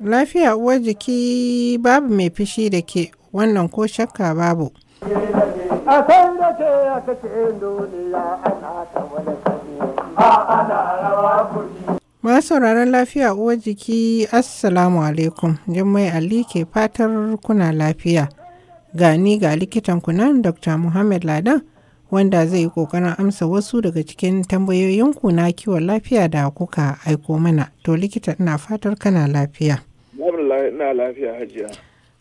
lafiya uwar jiki babu mai fishi da ke wannan ko shakka babu ma sauraron lafiya uwar jiki Assalamu alaikum, Jummai Ali ke fatar kuna lafiya. Gani ga likitan kunan Dr. Muhammad Ladan wanda zai yi ƙoƙarin amsa wasu daga cikin tambayoyinku na kiwon lafiya da kuka aiko mana. To likita ina fatar kana lafiya.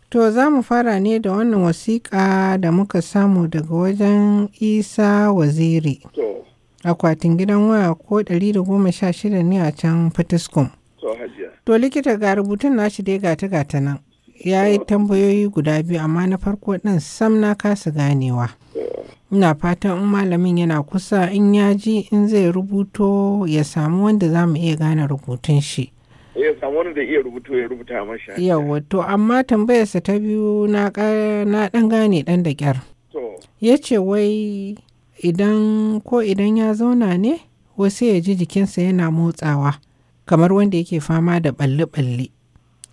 To za mu fara ne da wannan wasiƙa da muka samu daga wajen Isa Waziri. Akwatin gidan waya ko 116 ne a can Fatiskum. To To likita ga rubutun nashi dai gata gata nan. Ya yi tambayoyi guda biyu amma na farko ɗin sam na kasa ganewa. Ina fatan in malamin yana kusa in ya ji in zai rubuto ya samu wanda za mu iya gane rubutun shi. Ya samu wanda zai iya rubuto ya rubuta masa. Yawwa to amma tambayarsa ta biyu na ɗan gane ɗan da ƙyar. Ya ce wai idan ko idan ya zauna ne wasu ya ji jikinsa yana motsawa kamar wanda yake fama da ɓalle-ɓalle.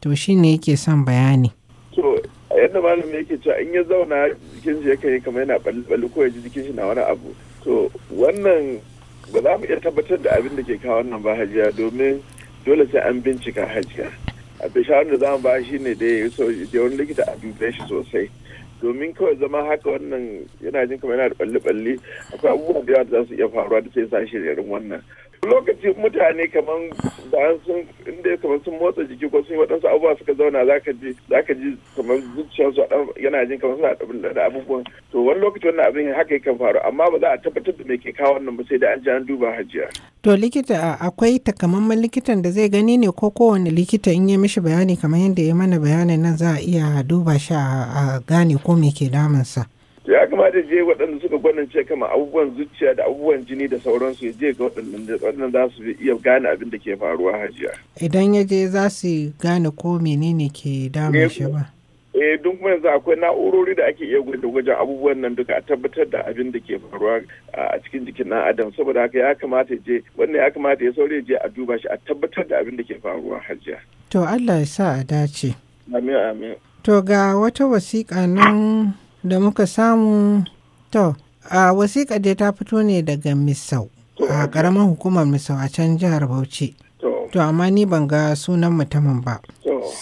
To shi ne yake son bayani. yadda malam yake cewa in ya zauna jikin shi yakan yi kamar yana balbali ko ya ji jikin shi na wani abu to wannan ba za mu iya tabbatar da abin da ke kawo wannan ba hajiya domin dole sai an bincika hajiya a bishawar da za mu ba shi ne da ya yi wani likita a dube shi sosai domin kawai zama haka wannan yana jin kamar yana da balle balli akwai abubuwa da yawa da za su iya faruwa da sai sa shi irin wannan lokaci mutane kamar da sun inda kamar sun motsa jiki ko sun yi waɗansu abubuwa suka zauna zaka ji zaka ji kamar zuciyarsu yana jin kamar suna da abubuwan to wani lokaci wannan abin haka yakan faru amma ba za a tabbatar da me ke kawo wannan ba sai da an ji an duba hajiya. to likita akwai takamaiman likitan da zai gani ne ko kowane likita in ya mishi bayani kamar yadda ya mana bayanin nan za a iya duba shi a gane ko me ke damunsa. ya kamata je waɗanda suka gwanince kama abubuwan zuciya da abubuwan jini da sauransu ya je ga waɗanda za su iya gane abin da ke faruwa hajiya. Idan ya je za su gane ko menene ke damun shi ba. Eh, eh duk kuma yanzu akwai na'urori da ake iya gwaje-gwajen abubuwan nan duka a tabbatar da abin da ke faruwa a cikin jikin ɗan adam saboda haka ya kamata je wannan ya kamata ya saurin je a duba shi a tabbatar da abin da ke faruwa hajiya. To Allah ya sa a dace. Amin amin. To ga wata wasiƙa nan da muka samu to a wasiƙa dai ta fito ne daga misau a ƙaramin hukumar misau a can jihar bauchi to amma ni ban ga sunan mutumin ba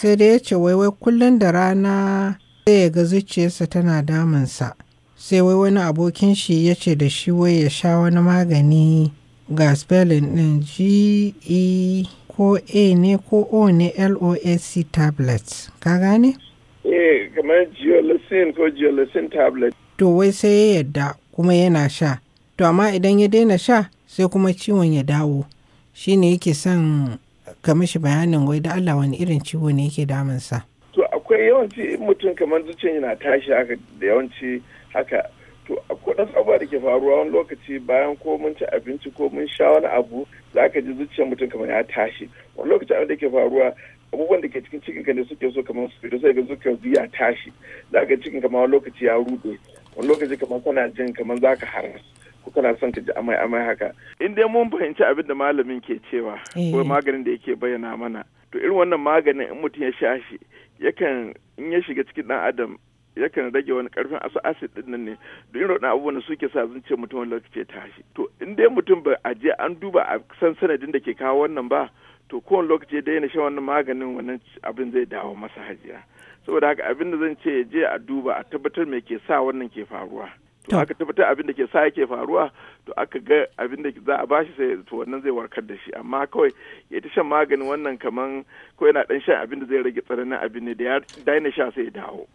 sai dai ya ce waiwai kullum da rana zai ya ga zuciyarsa tana damunsa sai wai wani abokin shi ya ce da shi wai ya sha wani magani ga spelling ɗin g e ko a ne ko o ne L O A C tablets ka gane? eh kamar geolocin ko geolocin tablet to wai sai ya yadda kuma yana sha to amma idan ya daina sha sai kuma ciwon ya dawo shine yake son ka mishi bayanin wai da Allah wani irin ciwo ne yake damunsa to akwai yawanci mutum kamar zuciya yana tashi haka da yawanci haka to akwai ɗan abubuwa da ke faruwa wani lokaci bayan ko mun ci abinci ko mun sha wani abu za ka ji zuciyar mutum kamar ya tashi wani lokaci abin da ke faruwa abubuwan da ke cikin cikin ka ne suke so kamar su fito sai ga zuka ya tashi za ka cikin kamar wani lokaci ya rude wani lokaci kamar kana jin kamar za ka haras ko kana son ka ji amai amai haka in dai mun fahimci abin da malamin ke cewa ko eh. maganin da yake bayyana mana to irin wannan maganin in mutum ya sha shi yakan in ya shiga cikin dan adam yakan rage wani karfin asu acid din nan ne duk irin wadannan abubuwan da suke sa zance mutum wani lokaci ya tashi to in dai mutum ba a je an duba a san sanadin da ke kawo wannan ba to kowane lokaci ya daina shan wannan maganin wannan abin zai dawo masa hajiya saboda haka abin da zan ce ya je a duba a tabbatar me ke sa wannan ke faruwa to aka tabbatar abin da ke sa yake faruwa to aka ga abin da za a bashi sai to wannan zai warkar da shi amma kawai ya ta shan maganin wannan kaman ko yana dan shan abin da zai rage tsananin abin ne da ya daina sha sai ya dawo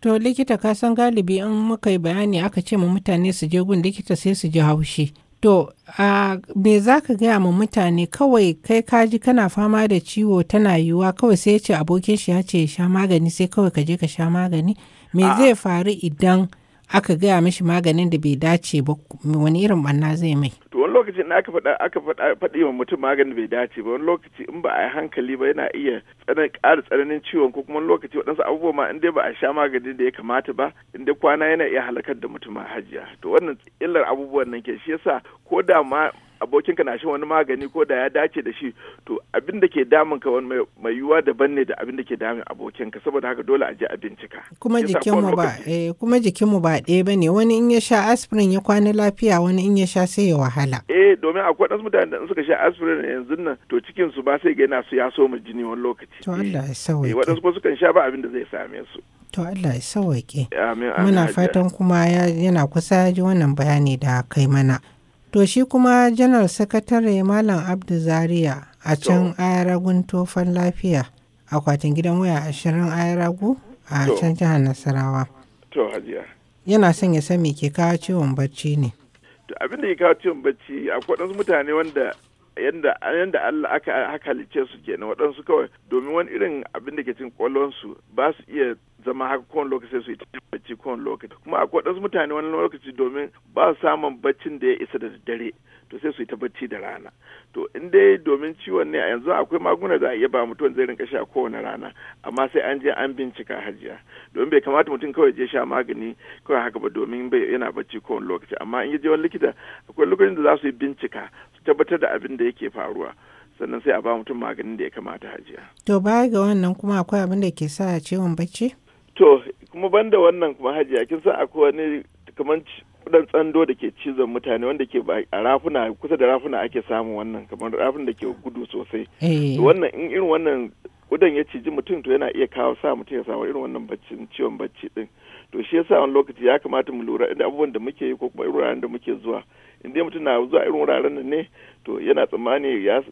to likita ka san galibi in muka yi bayani aka ce ma mutane su je gun likita sai su ji haushi To, a me za ka gaya ma mutane kawai kai kaji kana fama da ciwo tana yiwuwa kawai sai ya ce abokin shi ya ce ya sha magani sai kawai ka je ka sha magani? Me zai faru idan aka gaya mishi maganin da bai dace ba wani irin banna zai mai to wani lokaci in aka faɗa aka faɗi wa mutum maganin da bai dace ba wani lokaci in ba a yi hankali ba yana iya tsanan ƙara tsananin ciwon ko kuma wani lokaci waɗansu abubuwa ma in dai ba a sha maganin da ya kamata ba in dai kwana yana iya halakar da mutum a hajiya to wannan illar abubuwan nan ke shi yasa ko da ma abokinka na shan wani magani ko da ya dace da shi to abin da ke damun ka wani mai yiwuwa daban ne da abin da ke damun abokinka saboda haka dole a je a bincika kuma eh, jikinmu ba eh kuma mu ba ɗaya bane wani in ya sha aspirin ya kwana lafiya wani in ya sha sai ya wahala eh domin akwai wasu mutane da suka sha aspirin yanzu nan to cikin su ba sai ga yana su ya soma jini wani lokaci to Allah ya sauke eh wadansu su kan sha ba abin da zai same su to Allah ya sauke amin muna fatan kuma yana kusa ji wannan bayani da kai mana To shi kuma janar sakatare Malam Abdu Zaria a can ayaragun tofan lafiya akwatin gidan waya ashirin ayaragu a can jihar Nasarawa. Yana son ya san ke kawo ciwon bacci ne. To abin da ya kawo ciwon bacci akwai waɗansu mutane wanda yanda yadda Allah aka haka halice su kenan waɗansu kawai domin wani irin abin da ke cikin kwallonsu ba su iya zama haka kowane lokaci su yi bacci kowane lokaci kuma akwai waɗansu mutane wani lokaci domin ba su samun baccin da ya isa da dare to sai su yi ta bacci da rana to in dai domin ciwon ne a yanzu akwai magunguna da a iya ba mutum zai rinka sha kowane rana amma sai an je an bincika hajiya domin bai kamata mutum kawai je sha magani kawai haka ba domin bai yana bacci kowane lokaci amma in je wani likita akwai lokacin da za su yi bincika tabbatar da abin da yake faruwa sannan sai a ba mutum maganin da ya kamata hajiya. To baya ga wannan kuma akwai abin da ke sa ciwon bacci? To kuma banda wannan kuma hajiya kin san akwai wani kamar kudan tsando da ke cizon mutane wanda ke a rafuna kusa da rafuna ake samun wannan kamar rafin da ke gudu sosai. Eh. Wannan in irin wannan kudan ya ciji mutum to yana iya kawo sa mutum ya samu irin wannan baccin ciwon bacci din to shi yasa wani lokaci ya kamata mu lura inda abubuwan da muke yi ko kuma irin wuraren da muke zuwa inda mutum na zuwa irin wuraren nan ne to yana tsammani ya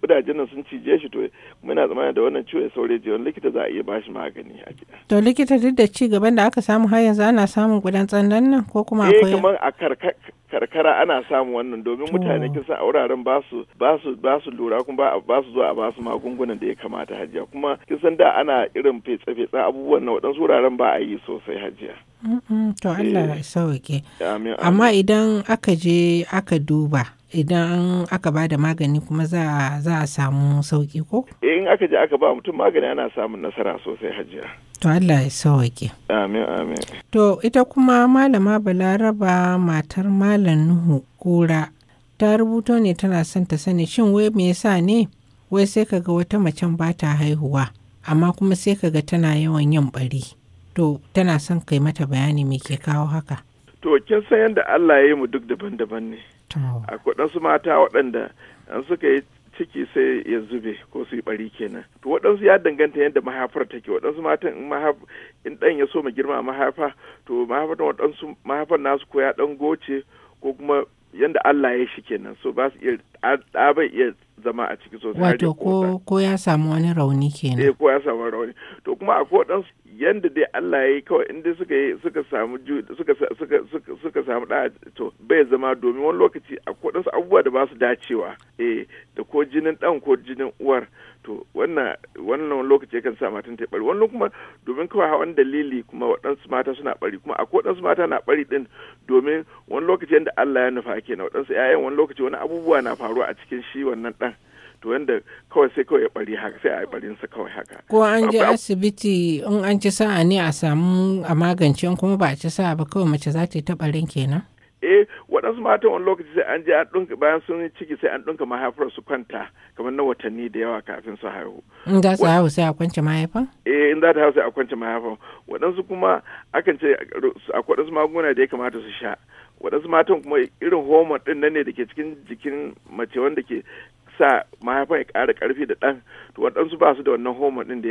kudajen sun cije shi to muna tsammani da wannan ciwon saurayi jiyon likita za a iya bashi magani a gida. To likita duk da ci gaban da aka samu har yanzu ana samun gudan tsandan nan ko kuma eh, akwai? Eh kamar a shekara ana samun wannan domin mutane kisa a wuraren ba su lura kuma ba su zo a basu su magungunan da ya kamata hajiya kuma kisan da ana irin fetse-fetse abubuwan na waɗansu wuraren ba a yi sosai hajiya. To eh. Allah ya sauke. Amma idan aka je aka duba idan aka ba da magani kuma za a samu sauki ko? Eh, in aka je aka ba mutum magani ana samun nasara sosai hajiya. To Allah ya sawaƙe. Amin amin. To ita kuma malama Balaraba matar Malam Nuhu Kura ta rubuto ne tana son ta sani shin wai me yasa ne wai sai kaga wata macen ba ta haihuwa amma kuma sai kaga tana yawan yin bari. To tana son kai mata bayani me ke kawo haka. To kin san yadda Allah ya yi mu duk daban-daban ne. Akwai ɗansu mata waɗanda an suka yi ciki sai ya zube ko su yi bari kenan to waɗansu ya danganta yadda mahaifar take waɗansu matan in mahaf in ɗan ya so ma girma mahaifa to mahaifar waɗansu mahaifar nasu ko ya ɗan goce ko kuma yadda Allah ya shi kenan so ba su iya ɗa iya zama a ciki sosai wato ko ya samu wani rauni kenan eh ko ya samu rauni to kuma akwai waɗansu yanda dai Allah ya yi kawai inda suka yi suka samu suka suka suka samu da to bai zama domin wani lokaci akwai wasu abubuwa da ba su dacewa eh da ko jinin dan ko jinin uwar to wannan wannan lokaci kan sa matan ta bari wannan kuma domin kawai hawan dalili kuma waɗansu mata suna bari kuma akwai waɗansu mata na bari din domin wani lokaci yanda Allah ya nufa kenan waɗansu 'ya'yan wani lokaci wani abubuwa na faruwa a cikin shi wannan dan to wanda kawai sai kawai ya bari haka sai a yi sa kawai haka. Ko an je asibiti in an ci sa'a ne a samu a magance in kuma ba a ci sa'a ba kawai mace za ta yi ta kenan. eh waɗansu mata wani lokaci sai an je an ɗunka bayan sun yi ciki sai an ɗunka mahaifar su kwanta kamar na watanni da yawa kafin su haihu. In za su haihu sai a kwance mahaifa Eh in za ta haihu sai a kwance mahaifa Waɗansu kuma akan ce a waɗansu magunguna da ya kamata su sha. waɗansu matan kuma irin hormone ɗin nan ne da ke cikin jikin mace wanda ke sa mahaifa ya ƙara ƙarfi da ɗan to waɗansu ba su da wannan homo ɗin da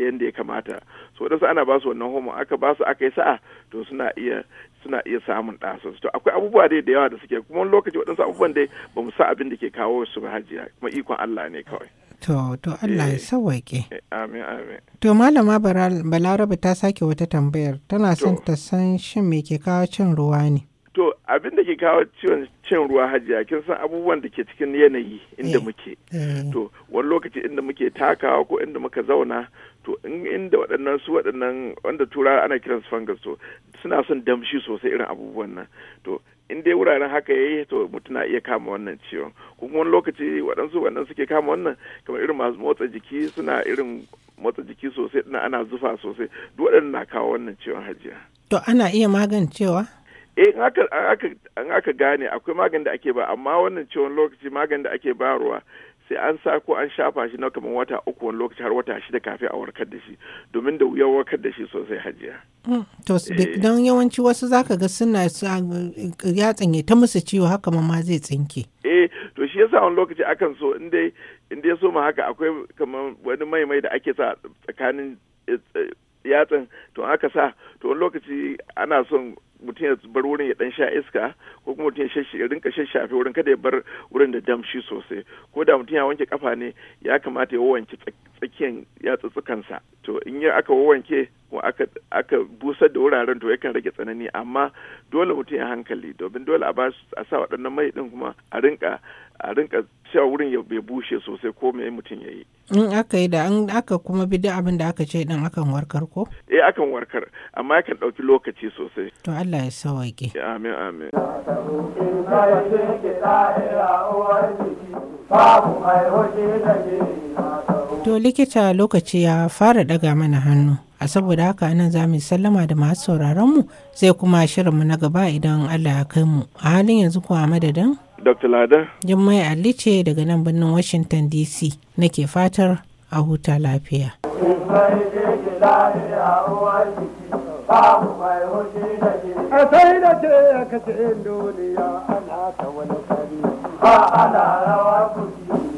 yadda ya kamata so waɗansu ana ba su wannan homo aka ba su aka yi sa'a to suna iya suna iya samun ɗa to akwai abubuwa dai da yawa da suke kuma lokaci waɗansu abubuwan dai ba mu sa abin da ke kawo su ba hajiya kuma ikon Allah ne kawai. To, to Allah ya eh. sawaike. Eh, amin, amin. To, Malama Balaraba ta sake wata tambayar, tana son ta san shin me ke kawo cin ruwa ne? abin da ke kawo ciwon cin ruwa hajiya kin san abubuwan da ke cikin yanayi inda eh. muke eh. to wani lokaci inda muke takawa ko inda muka zauna to inda waɗannan su waɗannan wanda tura ana kiran su fungus to suna son damshi sosai irin abubuwan nan to in dai wuraren haka yayi to mutum na iya kama wannan ciwon kuma wani lokaci waɗansu waɗannan suke kama wannan kamar irin masu motsa jiki suna irin motsa jiki sosai ana zufa sosai duk waɗannan na kawo wannan ciwon hajiya to ana iya magancewa eh in aka gane akwai magani da ake ba amma wannan ciwon lokaci magani da ake bayarwa sai an sa ko an shafa shi na kamar wata uku wani lokaci har wata shida kafin a warkar da shi domin da wuyan warkar da shi sosai hajiya. Hmm, to eh. don yawanci wasu zaka ga suna ya tsanye ta musu ciwo haka ma zai tsinke. eh to shi yasa wani lokaci akan so in dai in so ma haka akwai kamar wani mai da ake sa tsakanin eh, eh, yatsan to aka sa to wani lokaci ana son mutum ya bar wurin ya dan sha iska ko kuma mutum ya rinka shashafe wurin kada ya bar wurin da damshi sosai ko da mutum ya wanke kafa ne ya kamata ya wanke tsakiyan yatsutsukansa to in ya aka wanke ko aka busar da wuraren to yakan rage tsanani amma dole mutum ya hankali domin dole a ba a sa waɗannan mai din kuma a rinka a rinka cewa wurin ya bai bushe sosai ko me mutum ya yi. In aka yi da an aka kuma bi duk abin da aka ce din akan warkar ko? Eh akan warkar amma yakan ɗauki lokaci sosai. To Allah ya sawaƙe. Amin amin. To likita lokaci ya fara ɗaga mana hannu. a saboda haka anan za mu sallama da masu sauraronmu zai kuma mu na gaba idan Allah ya kai mu a halin yanzu kuwa madadin Dr. Lada? Jummai Ali ce daga nan birnin Washington DC nake fatar a huta lafiya. ana ba ana rawa